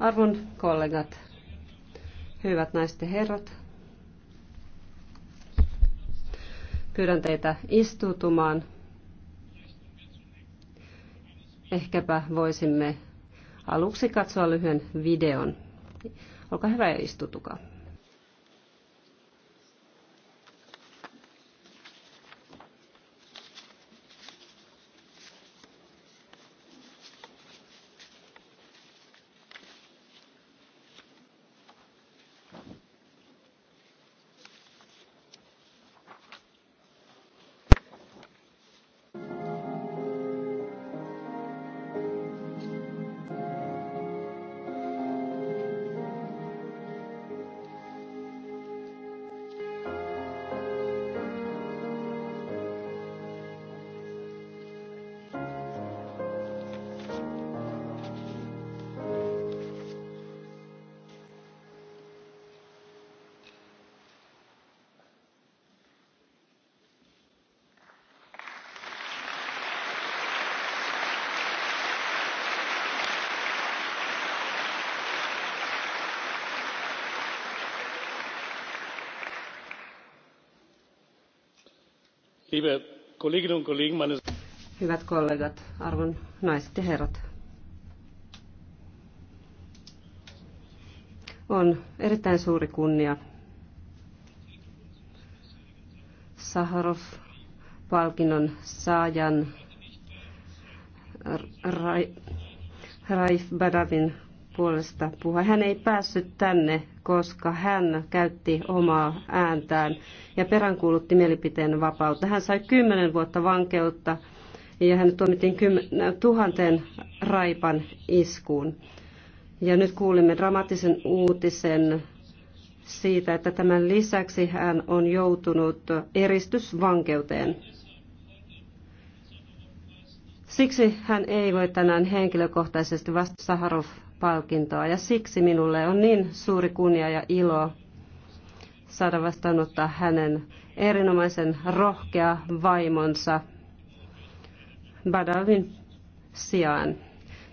Arvon kollegat, hyvät naiset ja herrat, pyydän teitä istuutumaan. Ehkäpä voisimme aluksi katsoa lyhyen videon. Olkaa hyvä ja istutukaa. Hyvät kollegat, arvon naiset ja herrat. On erittäin suuri kunnia Saharov-palkinnon saajan Raif Badavin puolesta puhua. Hän ei päässyt tänne, koska hän käytti omaa ääntään ja peräänkuulutti mielipiteen vapautta. Hän sai kymmenen vuotta vankeutta ja hän tuomittiin tuhanteen raipan iskuun. Ja nyt kuulimme dramaattisen uutisen siitä, että tämän lisäksi hän on joutunut eristysvankeuteen. Siksi hän ei voi tänään henkilökohtaisesti vastata Saharov palkintoa ja siksi minulle on niin suuri kunnia ja ilo saada vastaanottaa hänen erinomaisen rohkea vaimonsa Badawin sijaan.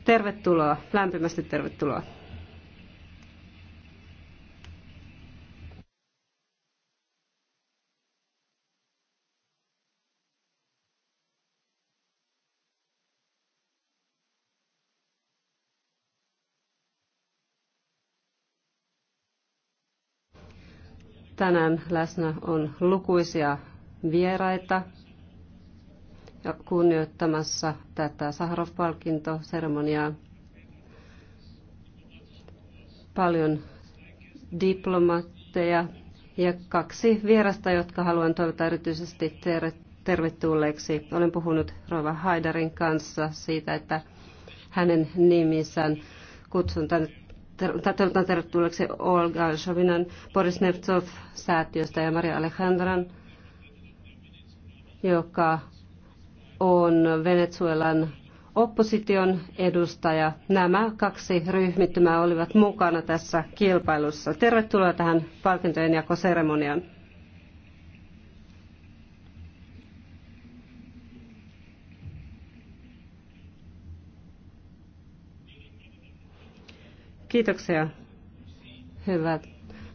Tervetuloa, lämpimästi tervetuloa. Tänään läsnä on lukuisia vieraita ja kunnioittamassa tätä Saharov-palkintoseremoniaa. Paljon diplomaatteja ja kaksi vierasta, jotka haluan toivottaa erityisesti tervetulleeksi. Olen puhunut Rova Haidarin kanssa siitä, että hänen nimissään kutsun tänne toivotan tervetulleeksi Olga Shovinan Boris Nevtsov-säätiöstä ja Maria Alejandran, joka on Venezuelan opposition edustaja. Nämä kaksi ryhmittymää olivat mukana tässä kilpailussa. Tervetuloa tähän palkintojen jakoseremoniaan. Kiitoksia, hyvät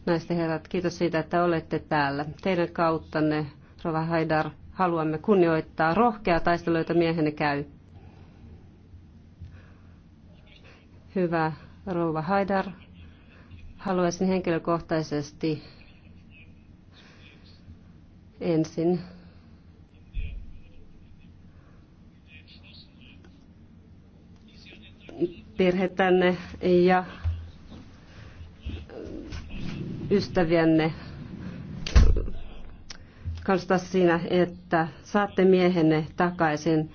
naiset ja herrat. Kiitos siitä, että olette täällä. Teidän kauttanne, Rova Haidar, haluamme kunnioittaa rohkeaa taistelua, jota miehenne käy. Hyvä Rova Haidar, haluaisin henkilökohtaisesti ensin perhettänne ja ystävienne kanssa siinä, että saatte miehenne takaisin.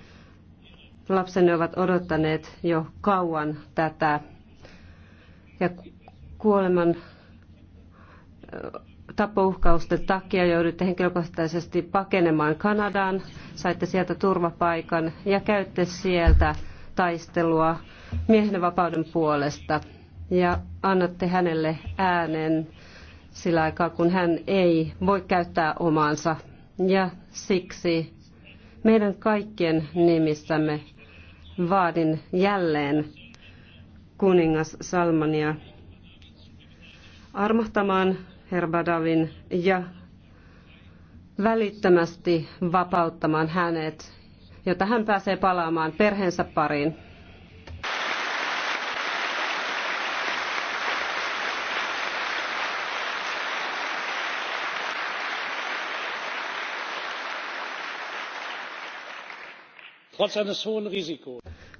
Lapsenne ovat odottaneet jo kauan tätä. Ja kuoleman tapouhkausten takia joudutte henkilökohtaisesti pakenemaan Kanadaan, saitte sieltä turvapaikan ja käytte sieltä taistelua miehen vapauden puolesta ja annatte hänelle äänen sillä aikaa, kun hän ei voi käyttää omaansa. Ja siksi meidän kaikkien nimissämme vaadin jälleen kuningas Salmania armahtamaan Herbadavin ja välittömästi vapauttamaan hänet, jotta hän pääsee palaamaan perheensä pariin.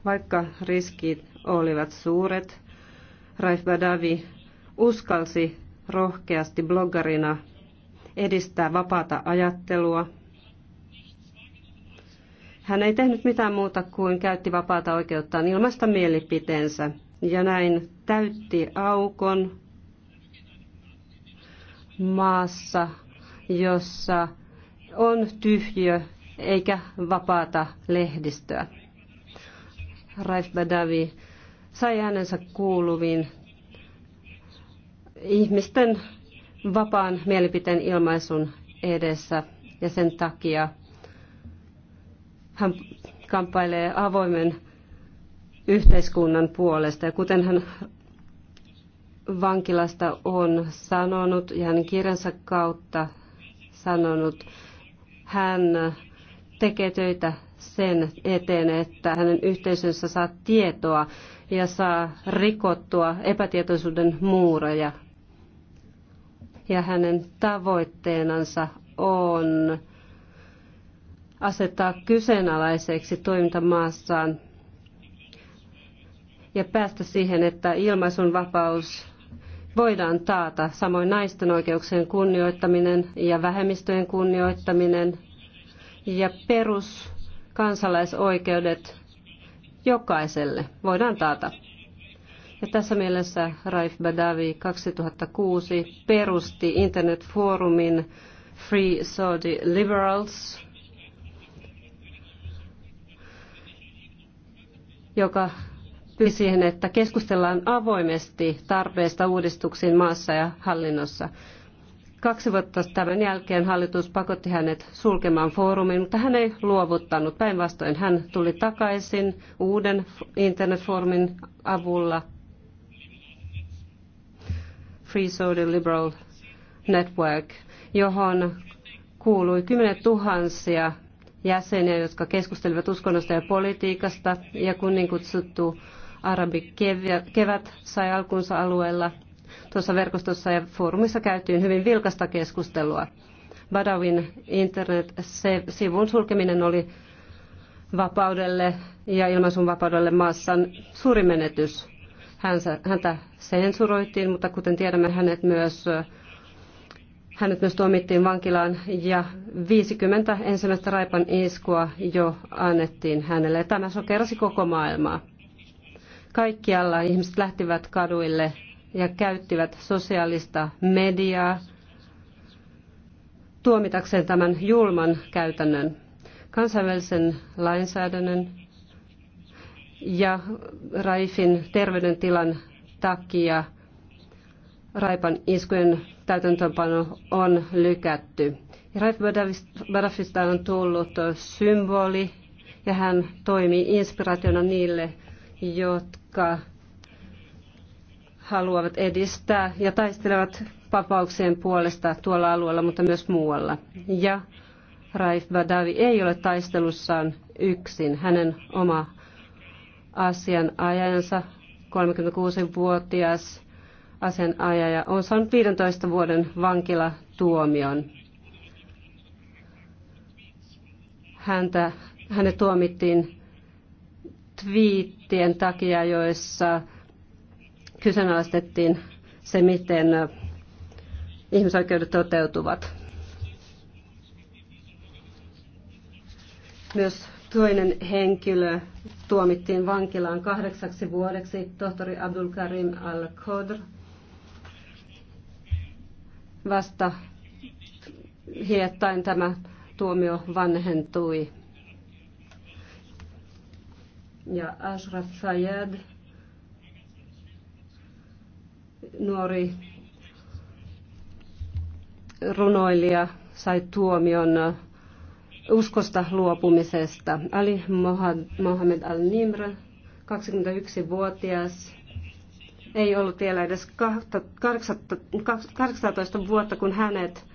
Vaikka riskit olivat suuret, Raif Badawi uskalsi rohkeasti bloggarina edistää vapaata ajattelua. Hän ei tehnyt mitään muuta kuin käytti vapaata oikeuttaan ilmaista mielipiteensä ja näin täytti aukon maassa, jossa on tyhjö eikä vapaata lehdistöä. Raif Badawi sai äänensä kuuluviin ihmisten vapaan mielipiteen ilmaisun edessä ja sen takia hän kamppailee avoimen yhteiskunnan puolesta. Ja kuten hän vankilasta on sanonut ja hänen kirjansa kautta sanonut, hän tekee töitä sen eteen, että hänen yhteisönsä saa tietoa ja saa rikottua epätietoisuuden muureja. Ja hänen tavoitteenansa on asettaa kyseenalaiseksi toimintamaassaan ja päästä siihen, että ilmaisun vapaus voidaan taata, samoin naisten oikeuksien kunnioittaminen ja vähemmistöjen kunnioittaminen ja peruskansalaisoikeudet jokaiselle voidaan taata. Ja tässä mielessä Raif Badawi 2006 perusti internetfoorumin Free Saudi Liberals, joka pyysi siihen, että keskustellaan avoimesti tarpeesta uudistuksiin maassa ja hallinnossa. Kaksi vuotta tämän jälkeen hallitus pakotti hänet sulkemaan foorumin, mutta hän ei luovuttanut. Päinvastoin hän tuli takaisin uuden internetfoorumin avulla Free Saudi Liberal Network, johon kuului kymmenet tuhansia jäseniä, jotka keskustelivat uskonnosta ja politiikasta, ja kun niin kutsuttu arabikevät sai alkunsa alueella – Tuossa verkostossa ja foorumissa käytiin hyvin vilkasta keskustelua. Badawin internet-sivun sulkeminen oli vapaudelle ja ilmaisun vapaudelle maassa suuri menetys. Häntä sensuroitiin, mutta kuten tiedämme, hänet myös, hänet myös tuomittiin vankilaan ja 50 ensimmäistä raipan iskua jo annettiin hänelle. Tämä sokerasi koko maailmaa. Kaikkialla ihmiset lähtivät kaduille ja käyttivät sosiaalista mediaa tuomitakseen tämän julman käytännön. Kansainvälisen lainsäädännön ja Raifin terveydentilan takia Raipan iskujen täytäntöönpano on lykätty. Raif Badafista on tullut symboli ja hän toimii inspiraationa niille, jotka haluavat edistää ja taistelevat vapauksien puolesta tuolla alueella, mutta myös muualla. Ja Raif Badawi ei ole taistelussaan yksin. Hänen oma asianajajansa, 36-vuotias asianajaja, on saanut 15 vuoden vankilatuomion. Häntä, hänet tuomittiin twiittien takia, joissa kyseenalaistettiin se, miten ihmisoikeudet toteutuvat. Myös toinen henkilö tuomittiin vankilaan kahdeksaksi vuodeksi, tohtori Abdul Karim al-Khodr. Vasta hiettäin tämä tuomio vanhentui. Ja Ashraf Fayyad nuori runoilija sai tuomion uskosta luopumisesta. Ali Mohamed Al-Nimr, 21-vuotias, ei ollut vielä edes 18 vuotta, kun hänet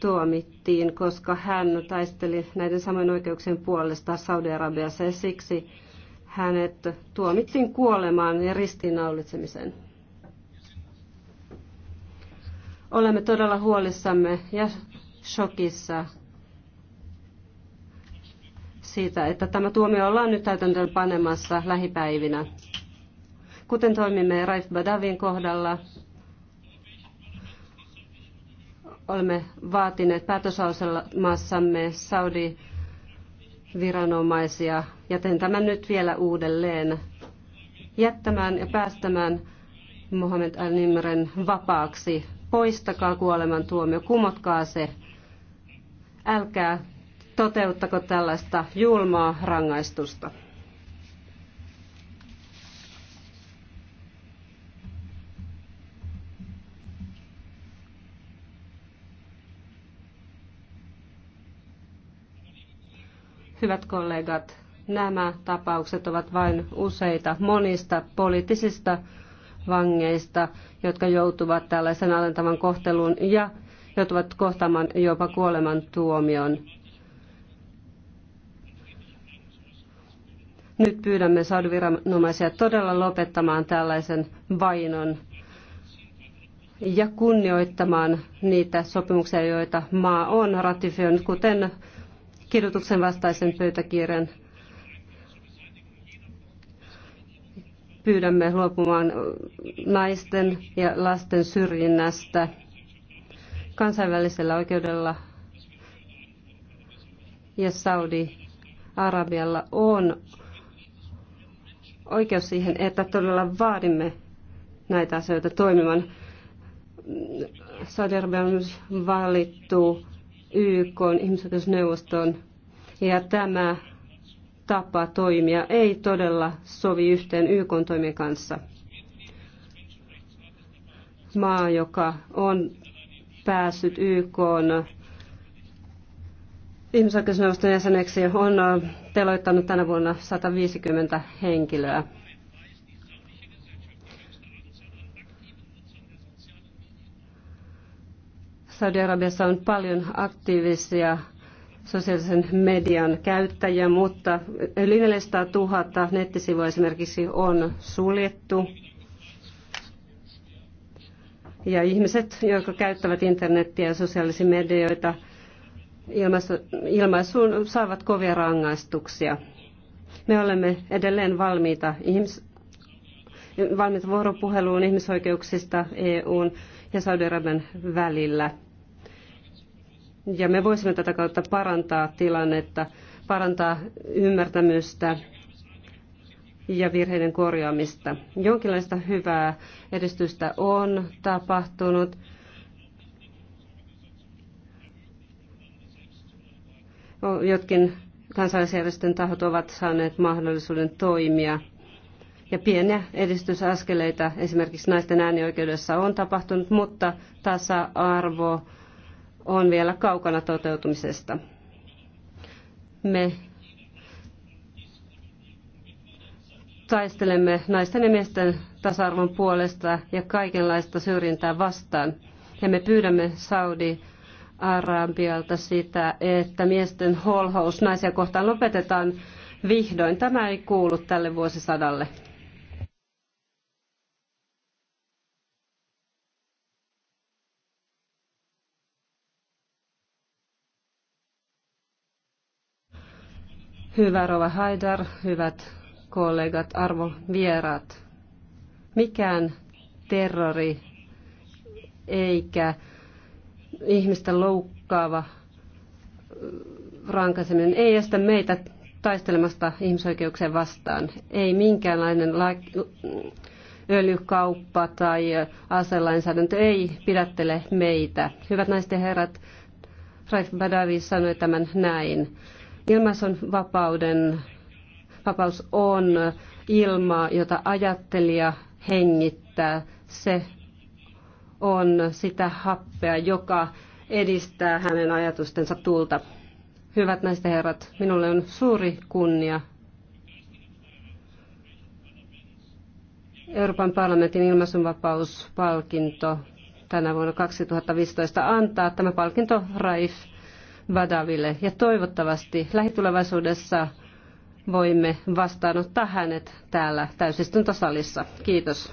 tuomittiin, koska hän taisteli näiden samojen oikeuksien puolesta Saudi-Arabiassa ja siksi hänet tuomittiin kuolemaan ja ristiinnaulitsemiseen. Olemme todella huolissamme ja shokissa siitä, että tämä tuomio ollaan nyt täytäntöön panemassa lähipäivinä. Kuten toimimme Raif Badavin kohdalla, olemme vaatineet päätösauselmassamme Saudi-viranomaisia, ja teen tämän nyt vielä uudelleen, jättämään ja päästämään Mohamed Al-Nimren vapaaksi Poistakaa kuoleman tuomio kumotkaa se. Älkää toteuttako tällaista julmaa rangaistusta. Hyvät kollegat, nämä tapaukset ovat vain useita monista poliittisista vangeista, jotka joutuvat tällaisen alentavan kohteluun ja joutuvat kohtaamaan jopa kuoleman tuomion. Nyt pyydämme saudiviranomaisia todella lopettamaan tällaisen vainon ja kunnioittamaan niitä sopimuksia, joita maa on ratifioinut, kuten kidutuksen vastaisen pöytäkirjan pyydämme luopumaan naisten ja lasten syrjinnästä kansainvälisellä oikeudella ja Saudi-Arabialla on oikeus siihen, että todella vaadimme näitä asioita toimimaan. Saudi-Arabia on myös valittu YK ihmisoikeusneuvostoon ja tämä tapa toimia ei todella sovi yhteen YK toimien kanssa. Maa, joka on päässyt YK ihmisoikeusneuvoston jäseneksi, on teloittanut tänä vuonna 150 henkilöä. Saudi-Arabiassa on paljon aktiivisia sosiaalisen median käyttäjiä, mutta yli 400 000 nettisivua esimerkiksi on suljettu. Ja ihmiset, jotka käyttävät internettiä ja sosiaalisia medioita ilmaisuun, saavat kovia rangaistuksia. Me olemme edelleen valmiita, ihmis, valmiita vuoropuheluun ihmisoikeuksista EUn ja Saudi-Arabian välillä. Ja me voisimme tätä kautta parantaa tilannetta, parantaa ymmärtämystä ja virheiden korjaamista. Jonkinlaista hyvää edistystä on tapahtunut. Jotkin kansalaisjärjestön tahot ovat saaneet mahdollisuuden toimia. Ja pieniä edistysaskeleita esimerkiksi naisten äänioikeudessa on tapahtunut, mutta tasa-arvo on vielä kaukana toteutumisesta. Me taistelemme naisten ja miesten tasa-arvon puolesta ja kaikenlaista syrjintää vastaan. Ja me pyydämme Saudi Arabialta sitä, että miesten holhous naisia kohtaan lopetetaan vihdoin. Tämä ei kuulu tälle vuosisadalle. Hyvä Rova Haidar, hyvät kollegat, arvon vieraat. Mikään terrori eikä ihmistä loukkaava äh, rankaiseminen ei estä meitä taistelemasta ihmisoikeuksien vastaan. Ei minkäänlainen la- öljykauppa tai aselainsäädäntö ei pidättele meitä. Hyvät naiset ja herrat, Raif Badawi sanoi tämän näin. Ilmaisun vapauden, vapaus on ilma, jota ajattelija hengittää. Se on sitä happea, joka edistää hänen ajatustensa tulta. Hyvät naiset ja herrat, minulle on suuri kunnia Euroopan parlamentin ilmaisunvapauspalkinto tänä vuonna 2015 antaa tämä palkinto Raif Badaville ja toivottavasti lähitulevaisuudessa voimme vastaanottaa hänet täällä täysistuntosalissa. Kiitos.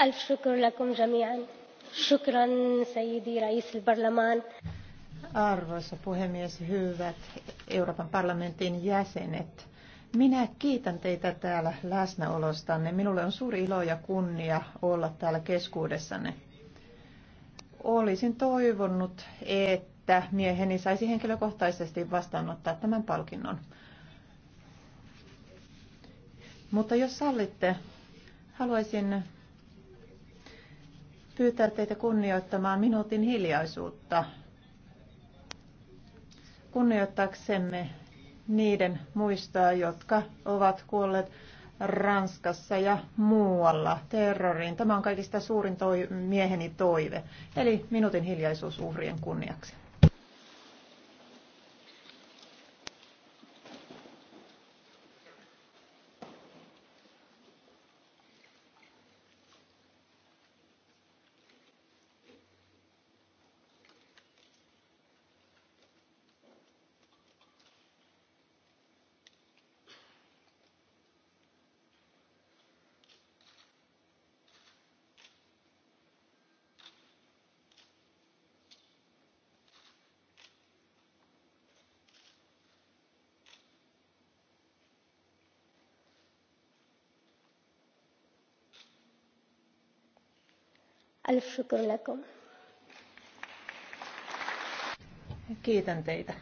ألف شكر لكم جميعا شكرا سيدي رئيس البرلمان Arvoisa puhemies, hyvät Euroopan parlamentin jäsenet. Minä kiitän teitä täällä läsnäolostanne. Minulle on suuri ilo ja kunnia olla täällä keskuudessanne. Olisin toivonut, että mieheni saisi henkilökohtaisesti vastaanottaa tämän palkinnon. Mutta jos sallitte, haluaisin pyytää teitä kunnioittamaan minuutin hiljaisuutta kunnioittaaksemme niiden muistoa, jotka ovat kuolleet Ranskassa ja muualla terroriin. Tämä on kaikista suurin toi, mieheni toive, eli minuutin hiljaisuus uhrien kunniaksi. ألف Shukrulakum. Kiitän teitä.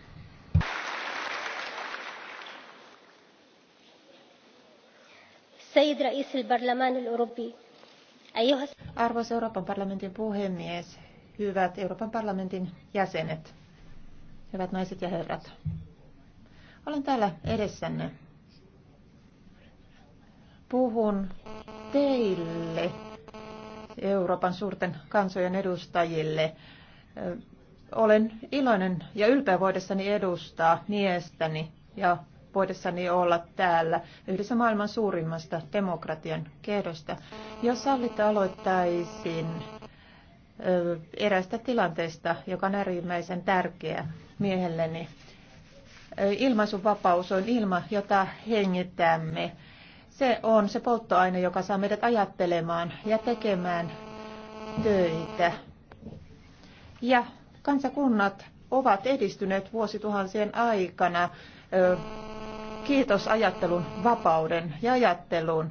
Sayyid Rais al-Parlaman al-Europi. Arvoisa Euroopan parlamentin puhemies, hyvät Euroopan parlamentin jäsenet, hyvät naiset ja herrat. Olen täällä edessänne. Puhun teille Euroopan suurten kansojen edustajille. Olen iloinen ja ylpeä voidessani edustaa miestäni ja voidessani olla täällä yhdessä maailman suurimmasta demokratian kehdosta. Jos sallitte, aloittaisin erästä tilanteesta, joka on äärimmäisen tärkeä miehelleni. Ilmaisuvapaus on ilma, jota hengitämme. Se on se polttoaine, joka saa meidät ajattelemaan ja tekemään töitä. Ja kansakunnat ovat edistyneet vuosituhansien aikana. Kiitos ajattelun vapauden ja ajattelun.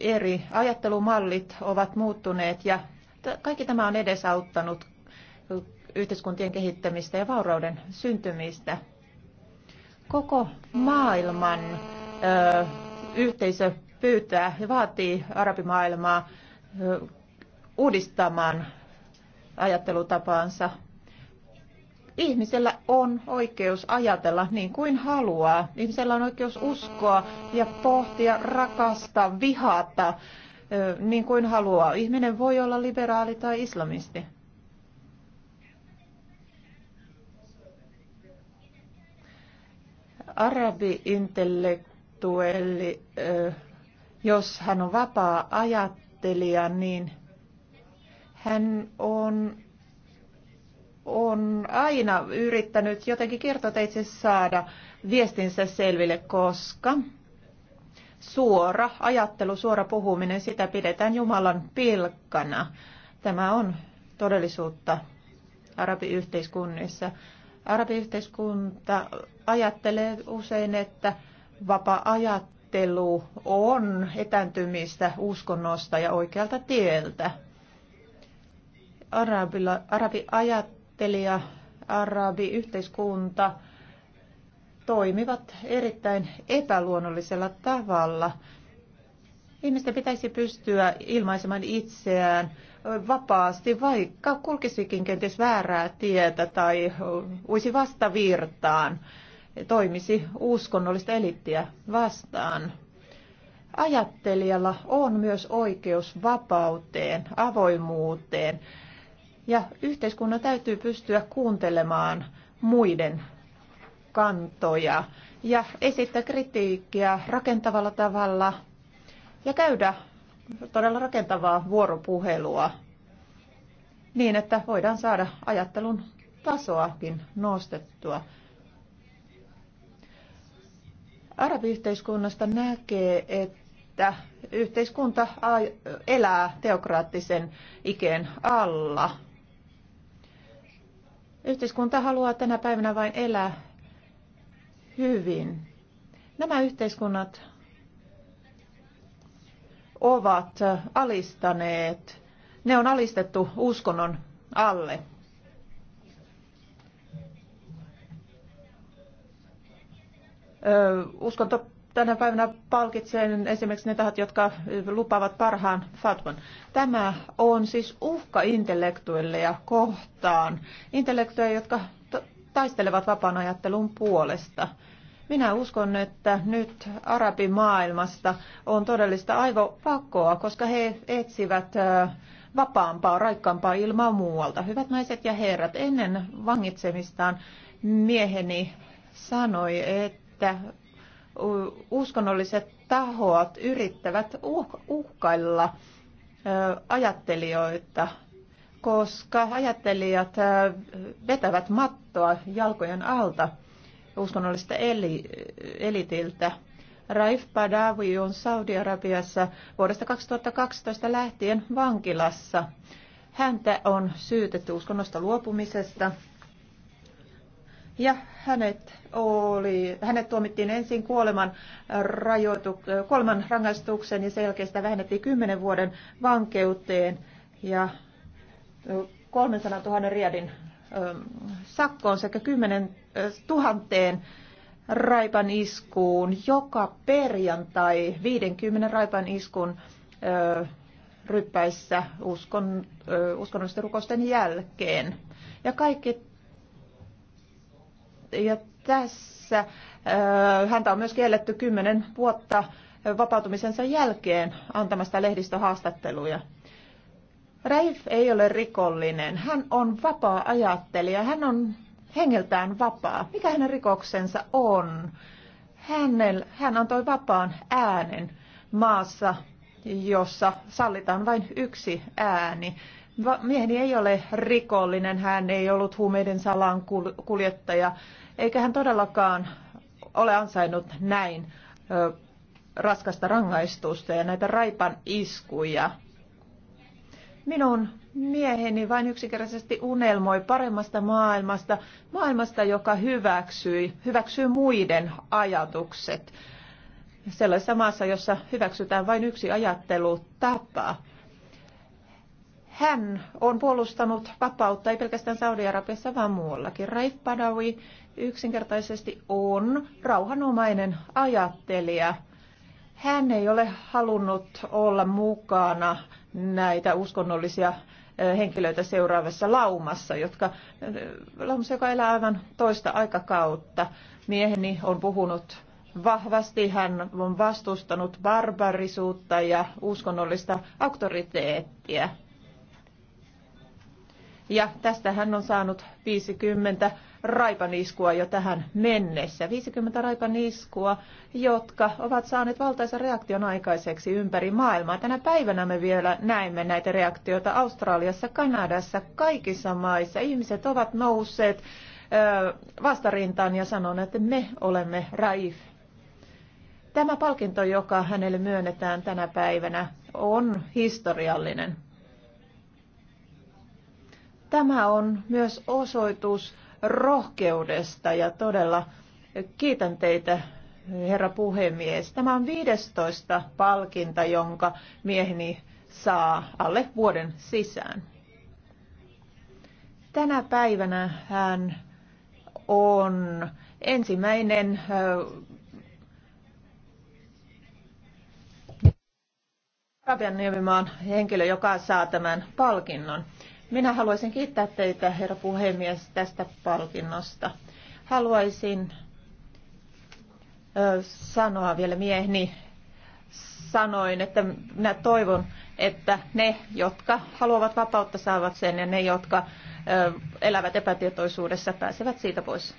Eri ajattelumallit ovat muuttuneet ja kaikki tämä on edesauttanut yhteiskuntien kehittämistä ja vaurauden syntymistä. Koko maailman yhteisö pyytää ja vaatii arabimaailmaa uudistamaan ajattelutapaansa. Ihmisellä on oikeus ajatella niin kuin haluaa. Ihmisellä on oikeus uskoa ja pohtia, rakastaa, vihata niin kuin haluaa. Ihminen voi olla liberaali tai islamisti. Arabi-intellekti sanottu, eli jos hän on vapaa-ajattelija, niin hän on, on aina yrittänyt jotenkin kertoteitse saada viestinsä selville, koska suora ajattelu, suora puhuminen, sitä pidetään Jumalan pilkkana. Tämä on todellisuutta arabiyhteiskunnissa. Arabiyhteiskunta ajattelee usein, että vapaa-ajattelu on etääntymistä uskonnosta ja oikealta tieltä. Arabilla, Arabi-yhteiskunta toimivat erittäin epäluonnollisella tavalla. Ihmisten pitäisi pystyä ilmaisemaan itseään vapaasti, vaikka kulkisikin kenties väärää tietä tai uisi vastavirtaan toimisi uskonnollista elittiä vastaan. Ajattelijalla on myös oikeus vapauteen, avoimuuteen ja yhteiskunnan täytyy pystyä kuuntelemaan muiden kantoja ja esittää kritiikkiä rakentavalla tavalla ja käydä todella rakentavaa vuoropuhelua niin, että voidaan saada ajattelun tasoakin nostettua. Arabiyhteiskunnasta näkee, että yhteiskunta elää teokraattisen ikeen alla. Yhteiskunta haluaa tänä päivänä vain elää hyvin. Nämä yhteiskunnat ovat alistaneet, ne on alistettu uskonnon alle. uskonto tänä päivänä palkitsee esimerkiksi ne tahot, jotka lupaavat parhaan fatwan. Tämä on siis uhka intellektuille ja kohtaan. Intellektuille, jotka taistelevat vapaan ajattelun puolesta. Minä uskon, että nyt arabimaailmasta on todellista aivopakkoa, koska he etsivät vapaampaa, raikkaampaa ilmaa muualta. Hyvät naiset ja herrat, ennen vangitsemistaan mieheni sanoi, että että uskonnolliset tahot yrittävät uh, uhkailla ajattelijoita, koska ajattelijat vetävät mattoa jalkojen alta uskonnollista eli, elitiltä. Raif Badawi on Saudi-Arabiassa vuodesta 2012 lähtien vankilassa. Häntä on syytetty uskonnosta luopumisesta ja hänet, oli, hänet tuomittiin ensin kuoleman, rajoitu, kolman rangaistuksen ja sen jälkeen sitä vähennettiin kymmenen vuoden vankeuteen ja 300 000 riadin sakkoon sekä 10 tuhanteen raipan iskuun joka perjantai 50 raipan iskun ryppäissä uskon, uskonnollisten rukosten jälkeen. Ja kaikki ja tässä äh, häntä on myös kielletty kymmenen vuotta vapautumisensa jälkeen antamasta lehdistöhaastatteluja. Raif ei ole rikollinen. Hän on vapaa-ajattelija. Hän on hengeltään vapaa. Mikä hänen rikoksensa on? Hänel, hän antoi vapaan äänen maassa, jossa sallitaan vain yksi ääni mieheni ei ole rikollinen, hän ei ollut huumeiden salan kuljettaja, eikä hän todellakaan ole ansainnut näin ö, raskasta rangaistusta ja näitä raipan iskuja. Minun mieheni vain yksinkertaisesti unelmoi paremmasta maailmasta, maailmasta, joka hyväksyi, hyväksyy muiden ajatukset. Sellaisessa maassa, jossa hyväksytään vain yksi ajattelutapa hän on puolustanut vapautta ei pelkästään Saudi-Arabiassa, vaan muuallakin. Raif Badawi yksinkertaisesti on rauhanomainen ajattelija. Hän ei ole halunnut olla mukana näitä uskonnollisia henkilöitä seuraavassa laumassa, jotka, laumassa, joka elää aivan toista aikakautta. Mieheni on puhunut vahvasti. Hän on vastustanut barbarisuutta ja uskonnollista auktoriteettia. Ja tästä hän on saanut 50 raipaniskua jo tähän mennessä. 50 raipaniskua, jotka ovat saaneet valtaisen reaktion aikaiseksi ympäri maailmaa. Tänä päivänä me vielä näemme näitä reaktioita Australiassa, Kanadassa, kaikissa maissa. Ihmiset ovat nousseet vastarintaan ja sanoneet, että me olemme Raif. Tämä palkinto, joka hänelle myönnetään tänä päivänä, on historiallinen Tämä on myös osoitus rohkeudesta ja todella kiitän teitä, herra puhemies. Tämä on 15 palkinta, jonka mieheni saa alle vuoden sisään. Tänä päivänä hän on ensimmäinen Arabian niemimaan henkilö, joka saa tämän palkinnon. Minä haluaisin kiittää teitä, herra puhemies, tästä palkinnosta. Haluaisin ö, sanoa vielä mieheni sanoin, että minä toivon, että ne, jotka haluavat vapautta, saavat sen ja ne, jotka elävät epätietoisuudessa, pääsevät siitä pois.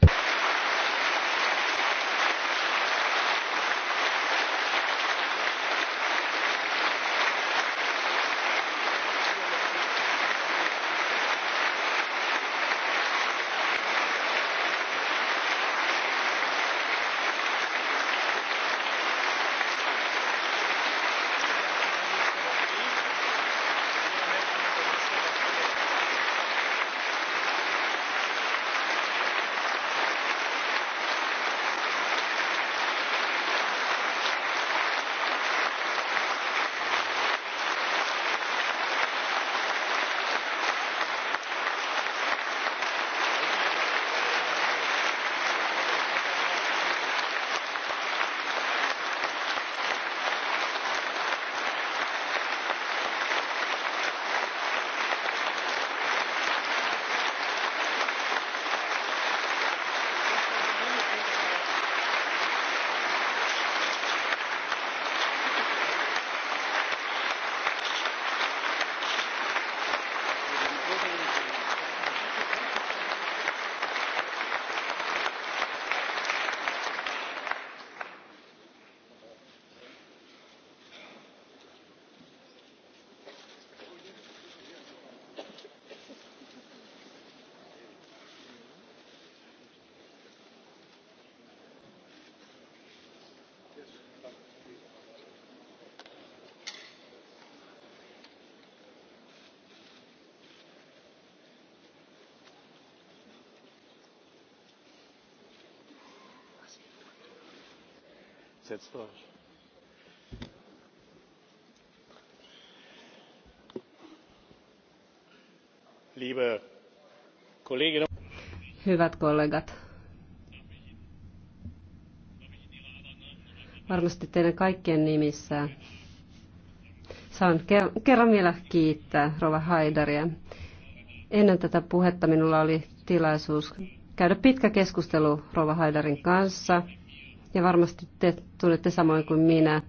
setzt euch. Liebe Kolleginnen Hyvät kollegat, varmasti teidän kaikkien nimissä saan kerran vielä kiittää Rova Haidaria. Ennen tätä puhetta minulla oli tilaisuus käydä pitkä keskustelu Rova Haidarin kanssa – ja varmasti te tulette samoin kuin minä.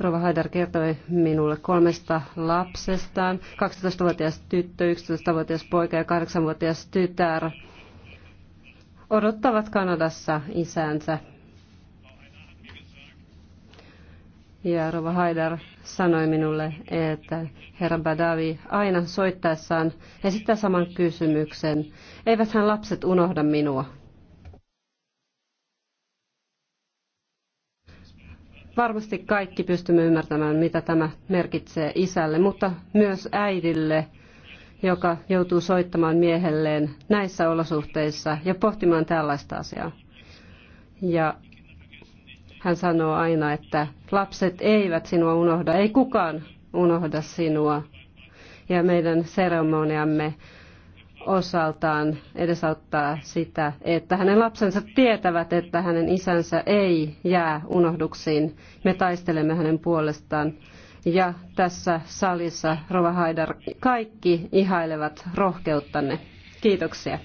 Rova Haidar kertoi minulle kolmesta lapsestaan. 12-vuotias tyttö, 11-vuotias poika ja 8-vuotias tytär odottavat Kanadassa isänsä. Ja Rova Haidar sanoi minulle, että herra Badavi aina soittaessaan esittää saman kysymyksen. Eiväthän lapset unohda minua. Varmasti kaikki pystymme ymmärtämään, mitä tämä merkitsee isälle, mutta myös äidille, joka joutuu soittamaan miehelleen näissä olosuhteissa ja pohtimaan tällaista asiaa. Ja hän sanoo aina, että lapset eivät sinua unohda, ei kukaan unohda sinua. Ja meidän seremoniamme osaltaan edesauttaa sitä, että hänen lapsensa tietävät, että hänen isänsä ei jää unohduksiin. Me taistelemme hänen puolestaan. Ja tässä salissa, Rova Haidar, kaikki ihailevat rohkeuttanne. Kiitoksia.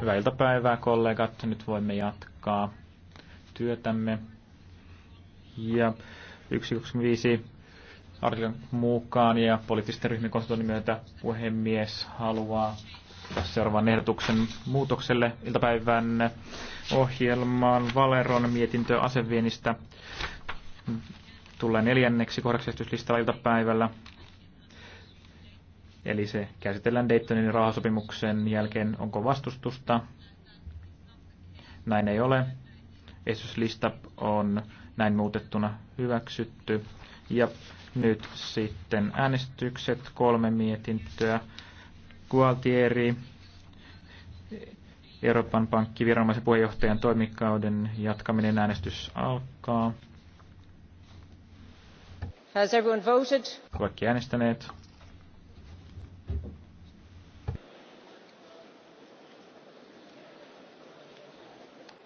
Hyvää iltapäivää kollegat. Nyt voimme jatkaa työtämme. Ja 1.25 artiklan mukaan ja poliittisten ryhmien konsultoinnin myötä puhemies haluaa seuraavan ehdotuksen muutokselle iltapäivän ohjelmaan Valeron mietintö aseviennistä tulee neljänneksi kohdaksi iltapäivällä. Eli se käsitellään Daytonin rahasopimuksen jälkeen. Onko vastustusta? Näin ei ole. Esityslista on näin muutettuna hyväksytty. Ja nyt sitten äänestykset, kolme mietintöä. Gualtieri, Euroopan pankki viranomaisen puheenjohtajan toimikauden jatkaminen äänestys alkaa. Has everyone voted? Kaikki äänestäneet.